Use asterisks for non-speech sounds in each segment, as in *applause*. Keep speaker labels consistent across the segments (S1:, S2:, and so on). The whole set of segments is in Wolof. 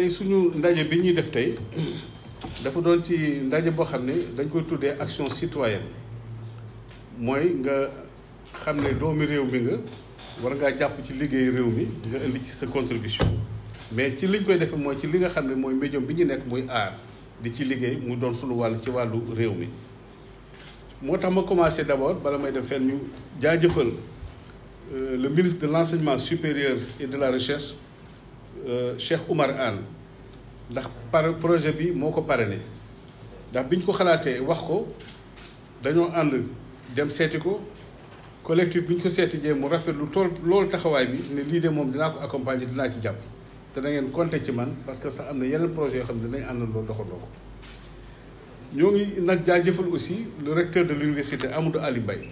S1: tey suñu ndaje bi ñuy def tey dafa doon ci ndaje boo xam ne dañ koy tuddee action citoyenne mooy nga xam ne doomi réew mi nga war ngaa jàpp ci liggéey réew mi nga indi ci sa contribution mais ci liñ koy defee mooy ci li nga xam ne mooy médium bi ñu nekk muy aar di ci liggéey mu doon suñu wàll ci wàllu réew mi moo tax ma commencé d'abord bala may dem fen ñu jaajëfal euh, le ministre de l'enseignement supérieur et de la recherche Euh, Cheikh Oumar Anne ndax par projet bi moo ko parrainé ndax bi ñu ko xalaatee wax ko dañoo ànd dem seeti ko collectif bi ñu ko seeti jee mu rafetlu tool loolu taxawaay bi ne lii de moom dinaa ko accompagner dinaa ci jàpp te da ngeen compter ci man parce que sax am na yeneen projet yoo xam ne dinañ àndal loolu doxandoo ko ñoo ngi nag jaajëfal aussi le recteur de l'université Amadou Ali bay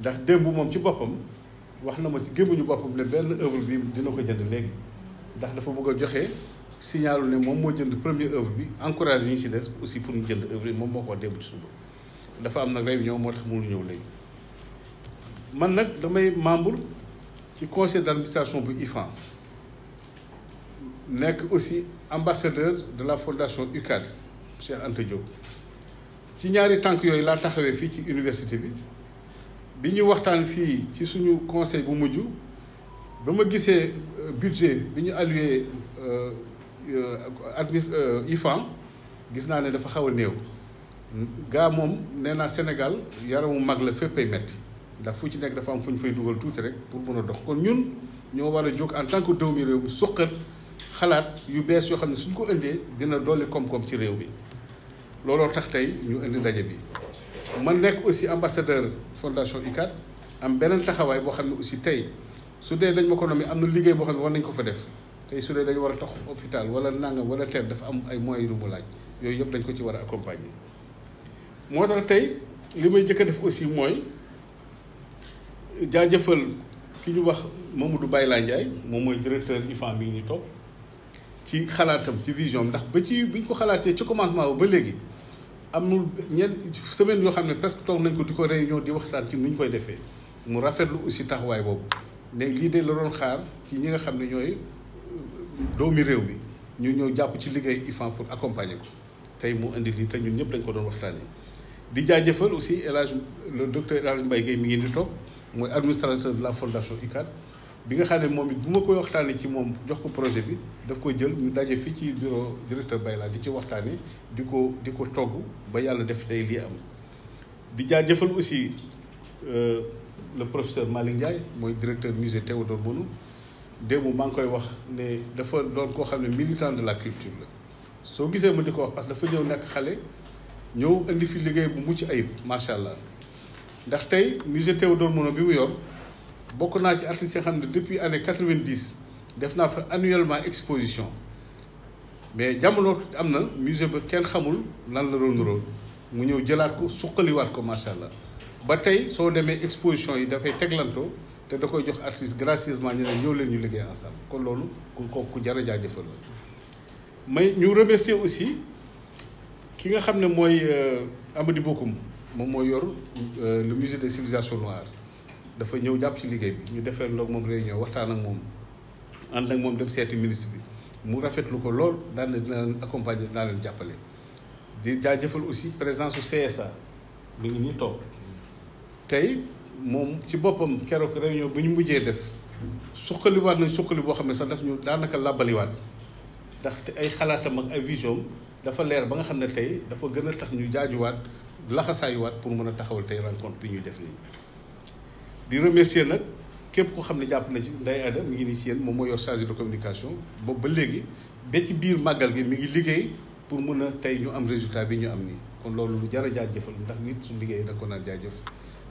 S1: ndax démb moom ci boppam wax na ma ci gémmuñu boppam ne benn œuvre bi dina ko jënd léegi ndax dafa bëgg joxe signalu ne moom moo jënd premier œuvre bi encourage yi ñu si des aussi pour ñu jënd œuvre yi moom moo ko wax démb ci suba dafa am nag réunion moo tax mënu ñëw léegi man nag damay membre ci conseil d'administration bu IFAN nekk aussi ambassadeur de la fondation UCAD Cheikh Anta Diop ci ñaari tànk yooyu laa taxawee fii ci université bi bi ñu waxtaan fii ci suñu conseil bu mujj ba ma gisee euh, budget bi ñu alloué euh, euh, administ IFAN gis naa ne dafa xaw a néew gaa moom nee naa Sénégal yaramu mag la fépp ay metti ndax fu ci nekk dafa am fu ñu fay dugal tuuti rek pour mun a dox kon ñun ñoo war a jóg en tant que doomi réew mi suqat xalaat yu bees yoo xam ne suñ ko indee dina dolli koom-koom ci réew bi looloo tax tey ñu indi ndaje bi man nekk aussi ambassadeur fondation ICAD am beneen taxawaay boo xam ne aussi tey su dee dañ ma ko nommé am na liggéey boo xam ne war nañ ko fa def tey su dee dañu war a tax hôpital wala nangam wala teer dafa am ay moyens yu mu laaj yooyu yëpp dañ ko ci war a accompagner. moo tax tey li may njëkk a def aussi mooy jaajëfal ki ñu wax Mamadou Bayla Ndiaye moom mooy directeur IFAN mi ngi ñu toog ci xalaatam ci ndax ba ci bi ko xalaatee ci commencement ba léegi. amul ñenn semaine yoo xam ne presque toog nañ ko di ko réunion di waxtaan ci nu ñu koy defee mu rafetlu aussi taxawaay boobu ne lii de la doon xaar ci ñi nga xam ne ñooy doomi réew bi ñu ñëw jàpp ci liggéey IFAN pour accompagner ko tey mu indi lii te ñun ñëpp dañ ko doon waxtaanee. di jaajëfal aussi El le docteur El mbay Mbaye mi ngi di toog mooy administrateur de la fondation ICAD bi nga xam ne moom it bu ma koy waxtaanee ci moom jox ko projet bi daf koy jël ñu daje fii ci bureau directeur Bayla di ci waxtaanee di ko di ko togg ba yàlla def tey lii am di jaajëfal euh, le professeur Malick Ndiaye mooy directeur musée Théodore Bono démb maa ngi koy wax ne dafa doon koo xam ne militant de la culture la soo gisee ma di ko wax parce que dafa ñëw nekk xale ñëw indi fi liggéey bu mucc ayib macha allah ndax tey musée Théodore Bono bi mu yor bokk naa ci artistes yi xam ne depuis année quatre-vingt-dix def naa fa annuellement exposition mais jamono am na musée ba kenn xamul nan la doon nuróol mu ñëw jëlaat ko suqaliwaat ko allah. ba tey soo demee exposition yi dafay teglantoo te da koy jox artiste gracieusement ñu ne ñëw leen ñu liggéey ensemble kon loolu ku ko ku jar a jaajëfal may ñu remercier aussi ki nga xam ne mooy euh, Amady Bokoum moom mooy yor euh, le musée de civilisations noires dafa ñëw jàpp ci liggéey bi ñu defee loog moom rey ñëw waxtaan ak moom ànd ak moom dem seeti ministre bi mu rafetlu ko lool daan na dina leen accompagner dinaa leen jàppale di jaajëfal aussi présence su CSA mi toog tey moom ci boppam keroog réunion bi ñu mujjee def suqaliwaat nañ suqali boo xam ne sax daf ñu daanaka làbbaliwaat ndaxte ay xalaatam ak ay vision dafa leer ba nga xam ne tey dafa gën a tax ñu jaajuwaat laxasaayuwaat pour mën a taxawal tey rencontre bi ñuy def nii. di remercier nag képp koo xam ne jàpp na ci Ndeye Ada mi ngi nii ci moom moo yor chargé de communication boobu ba léegi ba ci biir màggal gi mi ngi liggéey pour mën a tey ñu am résultat bi ñu am ni kon loolu lu jar a jaajëfal ndax nit su liggéey da ko naan jaajëf.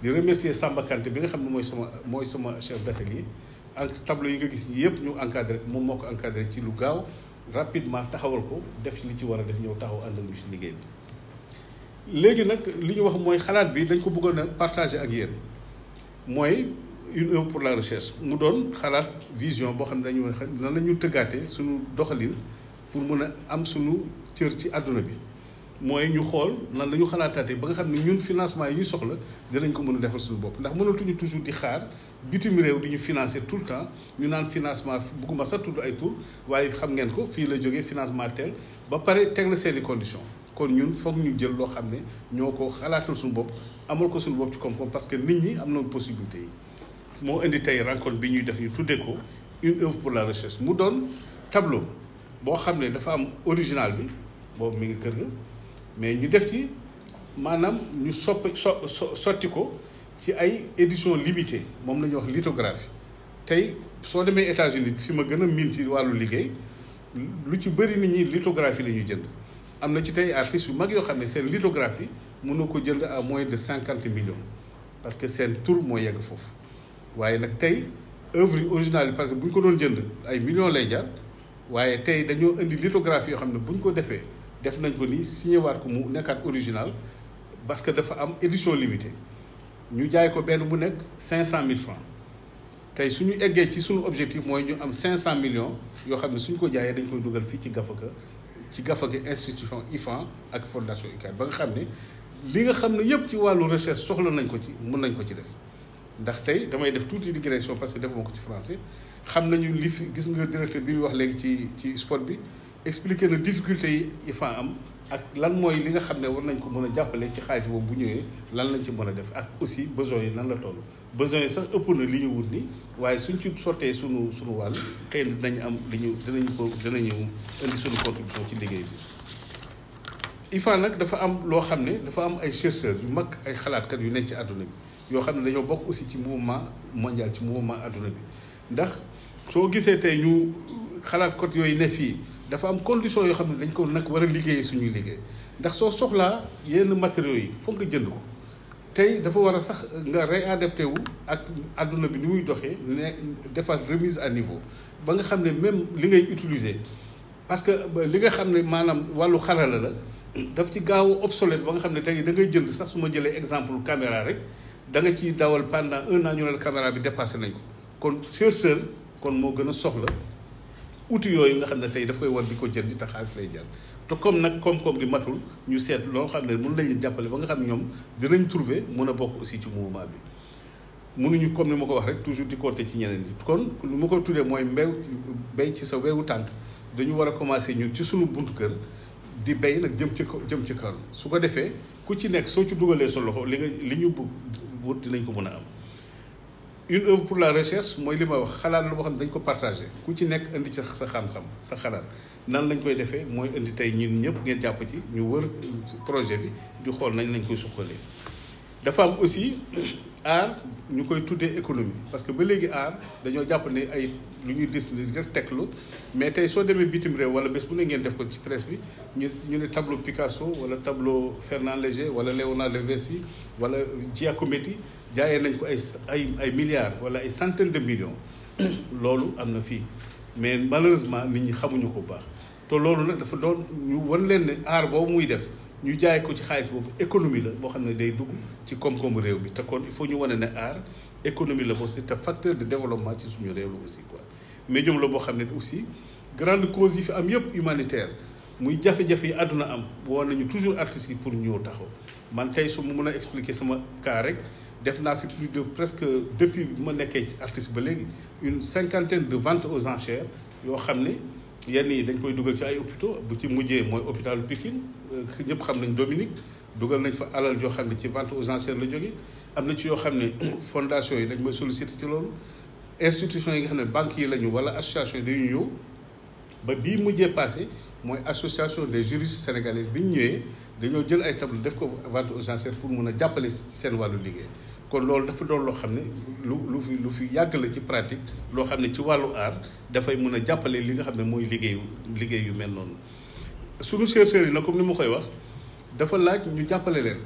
S1: di remercier Samba Kanté bi nga xam ne mooy sama mooy sama chef d'atelier ak tableau yi nga gis ñi yëpp ñu encadré moom moo ko encadré ci lu gaaw rapidement taxawal ko def li ci war a def ñëw taxaw ànd ak ñu ci liggéey nag li ñu wax mooy xalaat bi dañ ko bëggoon a partager ak yéen mooy une œuvre pour la recherche mu doon xalaat vision boo xam ne dañu wax nan la ñu tëggaatee suñu doxalin pour mun a am suñu cër ci àdduna bi. mooy ñu xool nan la ñu xalaataatee ba nga xam ne ñun financement yi ñu soxla dinañ ko mën a defal suñu bopp ndax mënatuñu toujours di xaar bitim réew di ñu financer tout le temps ñu naan financement bugguma sax tudd ay tur waaye xam ngeen ko fii la jógee financement tel ba pare teg la seeni conditions kon ñun foog ñu jël loo xam ne ñoo ko xalaatal suñu bopp amal ko suñu bopp ci koom parce que nit ñi am na possibilité yi moo indi tey rencontre bi ñuy def ñu tuddee ko pour la recherche mu doon tableau boo xam ne dafa am original bi mi ngi kër ga mais ñu def ci maanaam ñu sopp so sotti ko ci ay édition limitée moom la ñuy wax lithographie tey soo demee États-Unis fi ma gën a miin ci wàllu liggéey lu ci bëri nit ñi lithographie la ñuy jënd am na ci tey artistes yu mag yoo xam ne seen lithographie mën na ko jënd à moins de cinquante millions parce que seen tour moo yegg foofu waaye nag tey œuvre yi originale yi parce que buñ ko doon jënd ay millions lay jar waaye tey dañoo indi lithographie yoo xam ne bu ñu ko defee def nañ ko nii signé ko mu nekkaat original parce que dafa am édition limitée ñu jaay ko benn bu nekk cinq cent mille francs tey suñu eggee ci suñu objectif mooy ñu am cinq cent millions yoo xam ne suñ ko jaayee dañ koy dugal fii ci Gafaka ci Gafaka institution IFAN ak fondation UCAD ba nga xam ne li nga xam ne yëpp ci wàllu recherche soxla nañ ko ci mun nañ ko ci def ndax tey damay def tuuti digression parce que defuma ko ci français xam nañu li fi gis nga directeur bi wax léegi ci ci sport bi expliquer na difficulté yi yi am ak lan mooy li nga xam ne war nañ ko mën a jàppale ci xaalis boobu bu ñëwee lan lañ ci mën a def ak aussi besoins yi nan la toll besoins yi sax ëpp na li ñu wut ni waaye suñ ci sottee sunu sunu wàll xëy na dinañ am li ñu dinañ ko dinañu indi sunu contribution ci liggéey bi IFA nag dafa am loo xam ne dafa am ay chercheurs yu mag ay xalaatkat yu nekk ci àdduna bi yoo xam ne dañoo bokk aussi ci mouvement mondial ci mouvement àdduna bi ndax soo gisee tey ñu xalaat kot yooyu ne fii dafa am condition yoo xam ne dañ ko nag war a liggéeyee suñuy liggéey ndax soo soxlaa yenn matériaux yi foog nga jënd ko tey dafa war a sax nga réadapté wu ak àdduna bi ni muy doxee ne defaat remise à niveau ba nga xam ne même li ngay utiliser parce que li nga xam ne maanaam wàllu xarala la daf ci gaaw obsolète ba nga xam ne tey da ngay jënd sax su ma jëlee exemple caméra rek da ci dawal pendant un an ñu ne bi dépassé nañ ko kon chercheur kon moo gën a soxla wuti yooyu nga xam ne tey daf koy war di ko jënd te xaalis lay jar te comme nag koom-koom bi matul ñu seet loo xam ne mun nañu jàppale ba nga xam ñoom dinañ trouver mun a bokk aussi ci mouvement bi mënuñu comme ni ma ko wax rek toujours di compter ci ñeneen yi kon lu ma ko tuddee mooy mbew béy ci sa wewu tànk dañu war a commencer ñun ci suñu bunt kër di béy nag jëm ci ko jëm ci kaw su ko defee ku ci nekk soo ci dugalee sa loxo li nga li ñu bëgg wut dinañ ko mën a am une œuvre pour la recherche mooy li ma wax xalaat la boo xam ne dañ ko partagé ku ci nekk indi sa sa xam-xam sa xalaat nan lañ koy defee mooy indi tey ñun ñëpp ngeen jàpp ci ñu wër projet bi di xool nañ lañ koy suqalee dafa am aussi aar ñu koy tuddee économie parce que ba léegi aar dañoo jàpp ne ay lu ñuy dis rek teklu mais tey soo demee bitim réew wala bés bu ne ngeen def ko ci presse bi ñu ñu ne tableau Picasso wala tableau Fernand Léger wala Léonard de Vinci wala Giacometti jaaye nañ ko ay ay ay milliards wala ay centaines de millions *coughs* loolu am na fii mais malheureusement ni ñi xamuñu ko bu baax te loolu nag dafa doon ñu wan leen ne aar boobu muy def ñu jaay ko ci xaalis boobu économie la boo xam ne day dugg ci koom-koomu réew mi te kon il faut ñu wane ne aar économie la boo c'est un facteur de développement ci suñu réew la aussi quoi mais ñoom la boo xam ne aussi grande cause yi fi am yëpp humanitaire muy jafe-jafe yi àdduna am woo nañu toujours artistes yi pour ñëw taxaw man tey su ma mun a expliquer sama cas rek def naa fi plus de presque depuis bi ma nekkee ci artiste ba léegi une cinquantaine de ventes aux enchères yoo xam ne yenn yi dañ koy dugal ci ay hôpitaux bu ci mujjee mooy hôpitalu Pikine euh, ñëpp xam nañ Dominique dugal nañ fa alal joo xam ne ci vente aux la jóge am na ci yoo xam ne *coughs* fondation yi dañ may sollicité ci loolu institution yi nga xam ne banque yi lañu wala association yi dañu ñëw ba bii mujjee passé mooy association des juristes sénégalais bi ñu ñëwee dañoo jël ay table def ko vente aux pour mun a jàppale seen wàllu liggéey kon loolu dafa doon loo xam ne lu lu fi lu fi yàgg la ci pratique loo xam ne ci wàllu aar dafay mun a jàppale li nga xam ne mooy liggéeyu liggéey yu mel noonu suñu chercheurs yi na comme ni ma koy wax dafa laaj ñu jàppale leen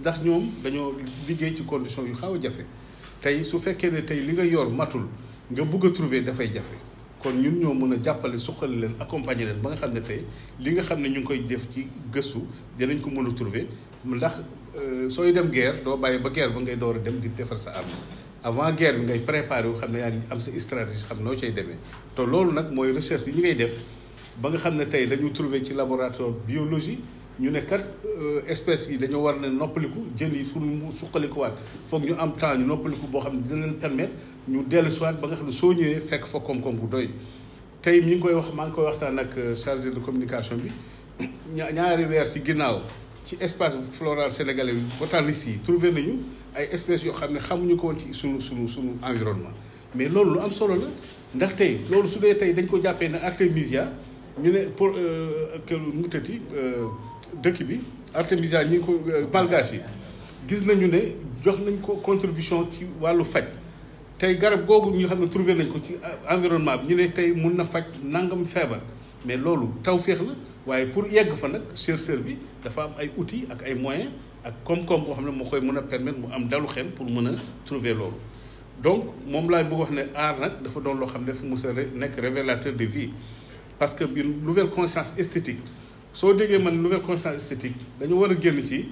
S1: ndax ñoom dañoo liggéey ci condition yu xaw a jafe tey su fekkee ne tey li nga yor matul nga bugg a trouver dafay jafe kon ñun ñoo mën a jàppale suqali leen accompagner leen ba nga xam ne tey li nga xam ne ñu ngi koy jëf ci gëstu dinañ ko mën a trouver ndax euh, sooy dem guerre doo bàyyi ba guerre ba ngay door a dem di defar sa arme avant guerre bi ngay préparer wu xam ne yaa ngi am sa stratégie xam noo cay demee te loolu nag mooy recherche yi ñu ngay def ba nga xam ne tey dañu trouver ci laboratoire biologie ñu ne kat euh, espèces yi dañoo war ne noppaliku jël yi pour mu suqalikuwaat foog ñu am temps ñu noppaliku boo xam ne di leen permettre ñu dellu soit ba nga xam ne soo ñëwee fekk fa koom-koom bu doy tey mi ngi koy wax maa ngi koy waxtaan ak euh, chargé de communication bi *clears throat* ñaari weer ci ginnaaw ci espace floral sénégalais yi botanistes yi trouvé nañu ay espèces yoo xam ne xamuñu ko woon ci suñu suñu suñu environnement mais loolu lu am solo la ndax tey loolu su dee tey dañ ko jàppee ne artémisia ñu ne pour euh, que mu tëti euh, dëkk bi artémisia ñi ko malgache euh, yi gis nañu ne jox nañ ko contribution ci wàllu faj tey garab googu ñu xam ne trouvé nañ ko ci environnement bi ñu ne tey mun na faj nangam feebar mais loolu tawféex la waaye pour yegg fa nag chercheur bi dafa am ay outils ak ay moyens ak koom-koom boo xam ne moo koy mën a permettre mu am dalu xel pour mën a trouver loolu donc moom laay bëgg wax ne art nag dafa doon loo xam ne fu mu sa nekk révélateur de vie parce que bi nouvelle conscience esthétique soo déggee man nouvelle conscience esthétique dañu war a génn ci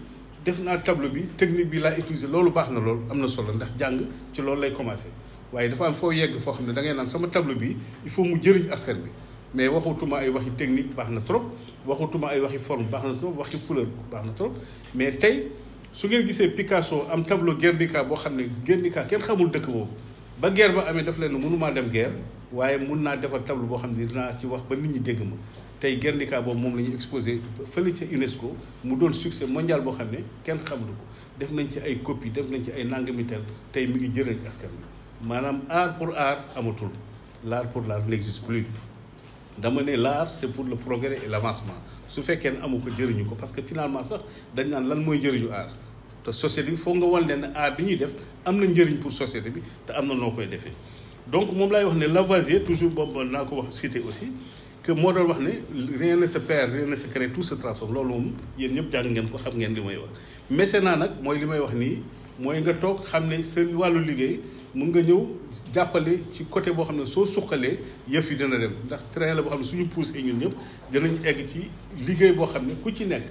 S1: def naa tableau bi technique bi laa utiliser loolu baax na loolu am na solo ndax jàng ci loolu lay commencer waaye dafa am foo yegg foo xam ne da ngay naan sama tableau bi il faut mu jëriñ askan bi mais waxutuma ay waxi technique baax na trop waxutuma ay waxi forme baax na trop waxi couleur baax na trop mais tey su ngeen gisee Picasso am tableau Guernica boo xam ne Guernica kenn xamul dëkk boobu ba guerre ba amee daf leen ne mënumaa dem guerre waaye mun naa defar tableau boo xam ne dinaa ci wax ba nit ñi dégg ma tey Guernica boobu moom la ñu exposé fële ca UNESCO mu doon succès mondial boo xam ne kenn xamul ko def nañ ci ay copie def nañ ci ay nangamitel tey mi ngi jëriñ askan wi maanaam art pour art amatul l'art pour l'art n'existe plus dama ne l'art c'est pour le progrès et l'avancement su fekkee ne amu ko jëriñu ko parce que finalement sax dañ naan lan mooy njëriñu art te société bi foo nga wan leen ne art bi ñuy def am na njëriñ pour société bi te am na noo koy defee donc moom laay wax ne Lavoisier toujours boobu naa ko wax cité aussi que moo doon wax ne rien ne se perd rien ne tout se transforme loolu moom yéen ñëpp jàng ngeen ko xam ngeen li may wax naa nag mooy li may wax nii mooy nga toog xam ne sa wàllu liggéey mën nga ñëw jàppale ci côté boo xam ne soo suqalee yëf yi dina dem ndax train la boo xam ne suñu poussé ñun ñëpp dinañ egg ci liggéey boo xam ne ku ci nekk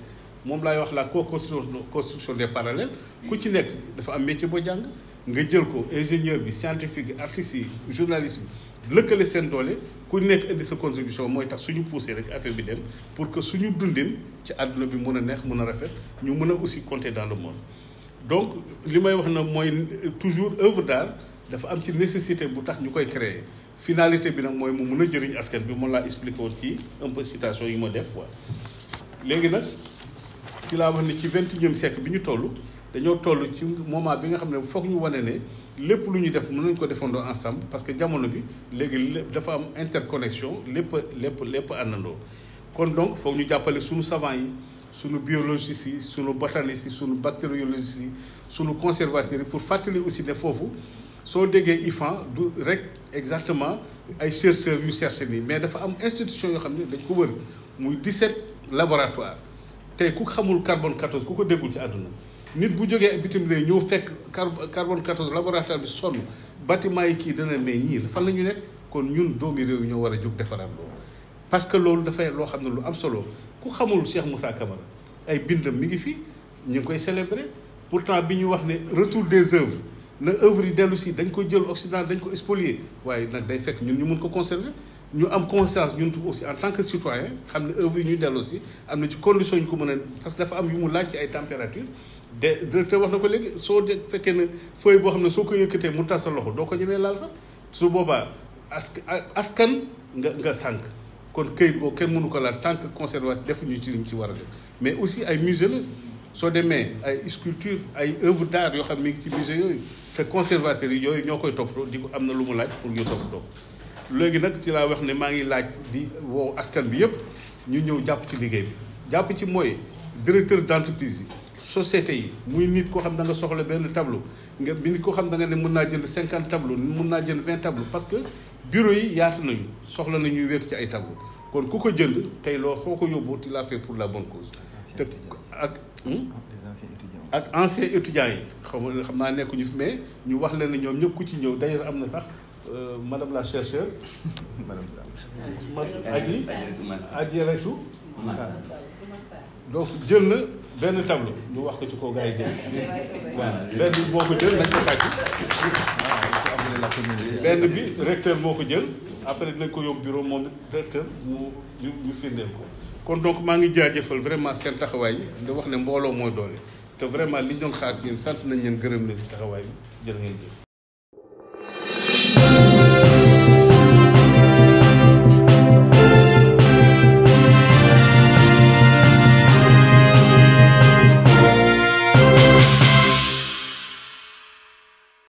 S1: moom laay wax la co-construction de parallèles ku ci nekk dafa am métier boo jàng nga jël ko ingénieur bi scientifique bi artiste yi journaliste bi lëkkale seen doole ku nekk indi sa contribution mooy tax suñu poussé rek affaire bi dem pour que suñu dundin ci àdduna bi mën a neex mën a rafet ñu mën a aussi compter dans le monde donc li may wax na mooy toujours œuvre d'art dafa am ci nécessité bu tax ñu koy créer finalité bi nag mooy mu mën a jëriñ askan bi moom laa expliqué woon ci un peu citation yi ma def quoi. léegi nag ci laa wax ni ci vingt et unième siècle bi ñu toll dañoo toll ci moment bi nga xam ne foog ñu wane ne lépp lu ñuy def mun nañ ko defandoo ensemble parce que jamono bi léegi lépp dafa am interconnexion lépp lépp lépp àndandoo kon donc foog ñu jàppale suñu savant yi. sunu biologistes yi suñu botanistes yi suñu bactériologistes yi suñu conservateurs pour fàttali aussi ne foofu soo déggee IFAN du rek exactement ay chercheurs yu cherché nii mais dafa am institution yoo xam ne dañ ko wër muy 17 laboratoire tey ku xamul carbone 14 ku ko déggul ci àdduna nit bu jógee bitim réew ñëw fekk carbone 14 laboratoire bi sonn bâtiment yi kii dana ne ñii fan la ñu nekk kon ñun doomi réew ñoo war a jóg defaraat loolu parce que loolu dafay loo xam ne lu am solo ku xamul Cheikh Moussa Camara ay bindam mi ngi fi ñu ngi koy célébrer pourtant bi ñu wax ne retour des œuvres na œuvre yi dellu si dañ ko jël Occident dañ ko spolier waaye nag day fekk ñun ñu mun ko conserver ñu am conscience ñun aussi en tant que citoyen xam ne œuvre yi ñu dellu si am na ci condition ñu ko mën a parce que dafa am yu mu laaj ay température de directeur wax na ko léegi soo de fekkee ne feuille boo xam ne soo ko yëkkatee mu tas sa loxo doo ko ñemee laal sax su boobaa ask askan nga nga sànq kon këyit boo kenn mënu ko laal tant que conservateur defuñu ci liñ ci war a def mais aussi ay musée la soo demee ay sculpture ay œuvre d'art yoo xam ne mi ngi ci musée yooyu te conservateurs yi yooyu ñoo koy toppatoo di ko am na lu mu laaj pour ñu toppatoo léegi nag ci laa wax ne maa ngi laaj di woo askan bi yëpp ñu ñëw jàpp ci liggéey bi jàpp ci mooy directeur d'entreprise yi société yi muy nit koo xam da nga soxla benn tableau nga bi nit koo xam da nga ne mën naa jënd cinquante tableau mun naa jënd vingt tableau parce que bureau yi yaatu nañu soxla nañuy wér ci ay tableau kon ku ko jënd tey loo xoo ko yóbbu tu l'as fait pour la bonne cause. te ak. Hmm? ak anciens étudiants yi xaw ma xam naa nekkuñu fi mais ñu wax leen ne ñoom ñëpp ku ci ñëw d'ailleurs am na sax euh, madame la chercheure. *laughs* madame Sall. Adji Adji donc jël na benn tableau ñu wax ko ci kaw gars yi dégg *laughs* benn boo ko jël nañ ko tàcc de la communauté. benn bi recteur moo ko jël après dinañ ko yóbbu bureau moom recteur mu ñu ñu firndeel ko. kon donc maa ngi jëfal vraiment seen taxawaay yi di wax ne mbooloo mooy doole te vraiment li ñu doon xaar sant nañ leen gërëm leen ci taxawaay yi jël ngeen jëf.